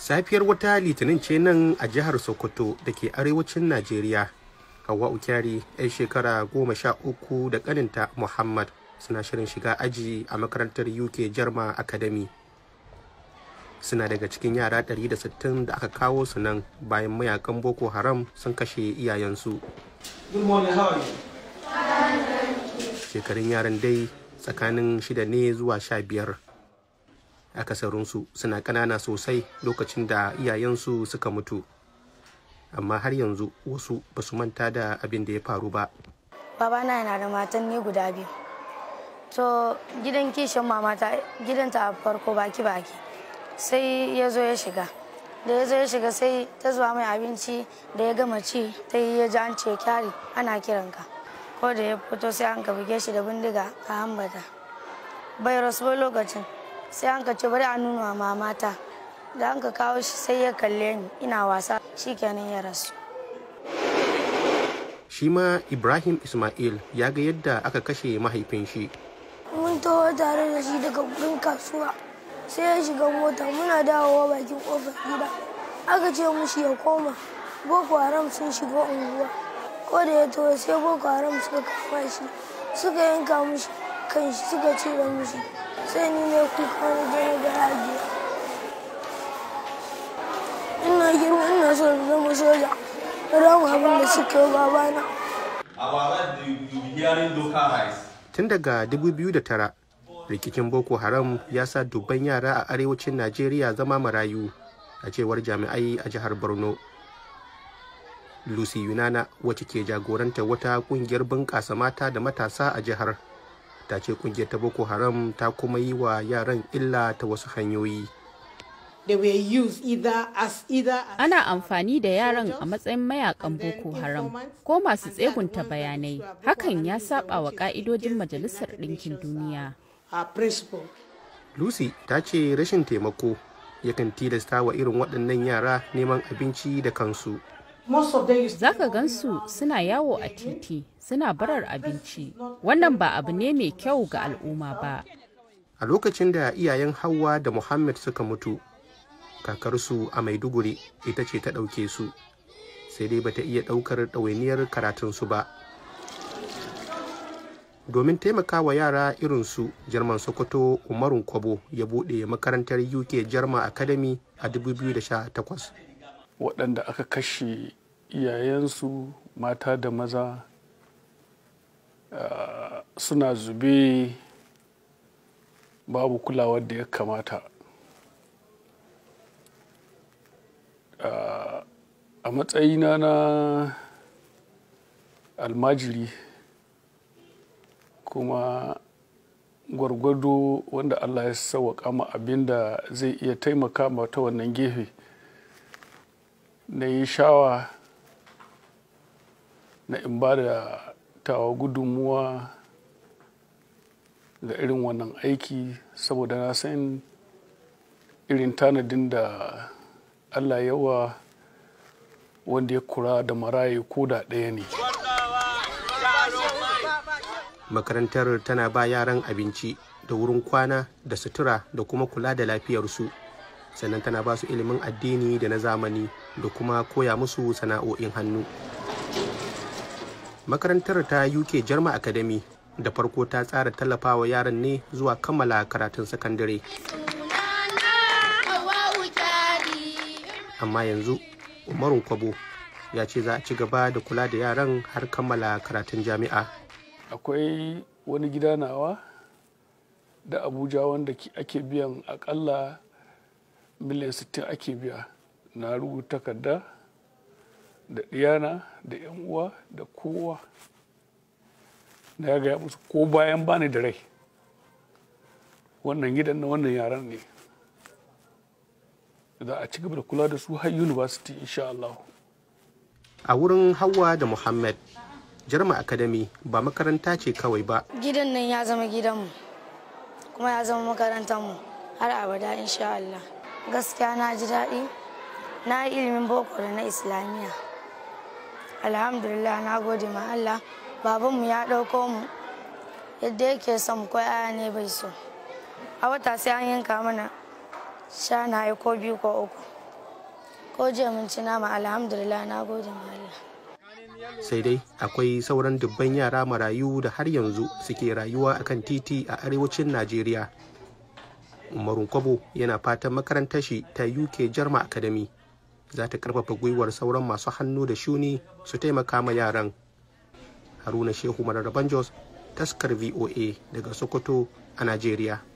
safiyar wata litinin ce nan a jihar sokoto da ke arewacin najeriya hawa ukyari 'yan shekara goma sha uku da kaninta muhammad suna shirin shiga aji a makarantar uk jarma academy suna daga cikin yara 160 da aka kawo su nan bayan mayakan boko haram sun kashe iyayensu shekarun yaran dai tsakanin shida ne zuwa sha biyar akasarinsu suna ƙanana sosai lokacin da iyayensu suka mutu amma har yanzu wasu ba su manta da abin da ya faru ba babana yana da matan ne guda biyu to gidan kishin mamata gidanta a farko baki baki sai ya zo ya shiga da ya zo ya shiga sai ta zuwa mai abinci da ya gama ci ta yi ya ji an ce kyari ana kiranka ko da ya fito sai an ka buge shi da bindiga a hambata bai rasu lokacin sai an ka ce bari a nuna wa mamata da an ka kawo shi sai ya kalle ni ina wasa shi kenan ya rasu shi ma ibrahim ismail ya ga yadda aka kashe mahaifin shi mun taho tare da shi daga gurin kasuwa sai ya shiga mota muna dawowa bakin kofar gida aka ce mushi ya koma boko haram sun shiga unguwa ko da ya taho sai boko haram suka kafa shi suka yanka mushi kan shi suka cire mushi sai ni ne kuka na je na ina girma ina so na zama soja ran abin da suka babana tun daga 2009 rikicin boko haram ya sa dubban yara a arewacin najeriya zama marayu a cewar jami'ai a jihar borno lucy yunana wacce ke jagoranta wata kungiyar bunƙasa mata da matasa a jihar ta ce kungiyar ta boko haram ta kuma yi wa yaran illa ta wasu hanyoyi Ana amfani da yaran a matsayin mayakan Boko Haram ko masu tsegunta bayanai, hakan ya saba wa ka'idojin Majalisar Ɗinkin Duniya. Lucy ta ce rashin taimako yakan tilasta wa irin waɗannan yara neman abinci da kansu. Zaka gansu suna yawo a titi suna barar abinci wannan ba abu ne mai kyau ga al'umma ba a lokacin da iyayen hawa da muhammad suka mutu kakarsu a maiduguri ita ce ta ɗauke su sai dai bata iya ɗaukar ɗawainiyar karatunsu ba domin taimakawa yara irinsu jerman sokoto umarun kwabo ya buɗe makarantar uk german academy a 2018 waɗanda aka kashe iyayensu mata da maza suna zube babu kulawar da ya kamata a matsayina na almajiri kuma gwargwado wanda allah ya sauwaƙa ma abin da zai iya taimaka ma ta wannan gefe na yi shawa na in ba da tawa gudunmuwa ga irin wannan aiki saboda na san irin tanadin da allah yawa wanda ya kura da maraye ko da ɗaya ne makarantar tana ba yaran abinci da wurin kwana da sutura da kuma kula da lafiyarsu sannan tana ba su ilimin addini da na zamani da kuma koya musu sana'o'in hannu makarantar ta uk german academy da farko ta tsara tallafawa yaran ne zuwa kammala karatun sakandare amma yanzu umaru kwabo ya ce za a ci gaba da kula da yaran har kammala karatun jami'a akwai wani gida nawa da abuja wanda ake biyan akalla miliyan 60 ake biya na rubuta takarda da ɗiyana da yan uwa da kowa na ya gaya musu ko bayan bani da rai wannan gidan na wannan yaran ne za a ci gaba da kula da su har university insha Allah a wurin hawa da muhammad jarma academy ba makaranta ce kawai ba gidan nan ya zama gidanmu kuma ya zama makarantarmu har abada insha Allah gaskiya na ji daɗi na ilimin boko da na islamiyya alhamdulillah na gode ma Allah babanmu ya ɗauko mu yadda yake son mu koya ne bai so a wata sai an yanka mana shanaye ko biyu ko uku ko jiya mun ci nama alhamdulillah na gode ma Allah sai dai akwai sauran dubban yara marayu da har yanzu suke rayuwa akan titi a arewacin Najeriya Umarun Kwabo yana fatan makarantar shi ta UK Jarma Academy za ta karfafa gwiwar sauran masu hannu da shuni su taimaka ma yaran haruna shehu mararraban jos taskar voa daga sokoto a najeriya